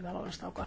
hyvää lounastaukoa.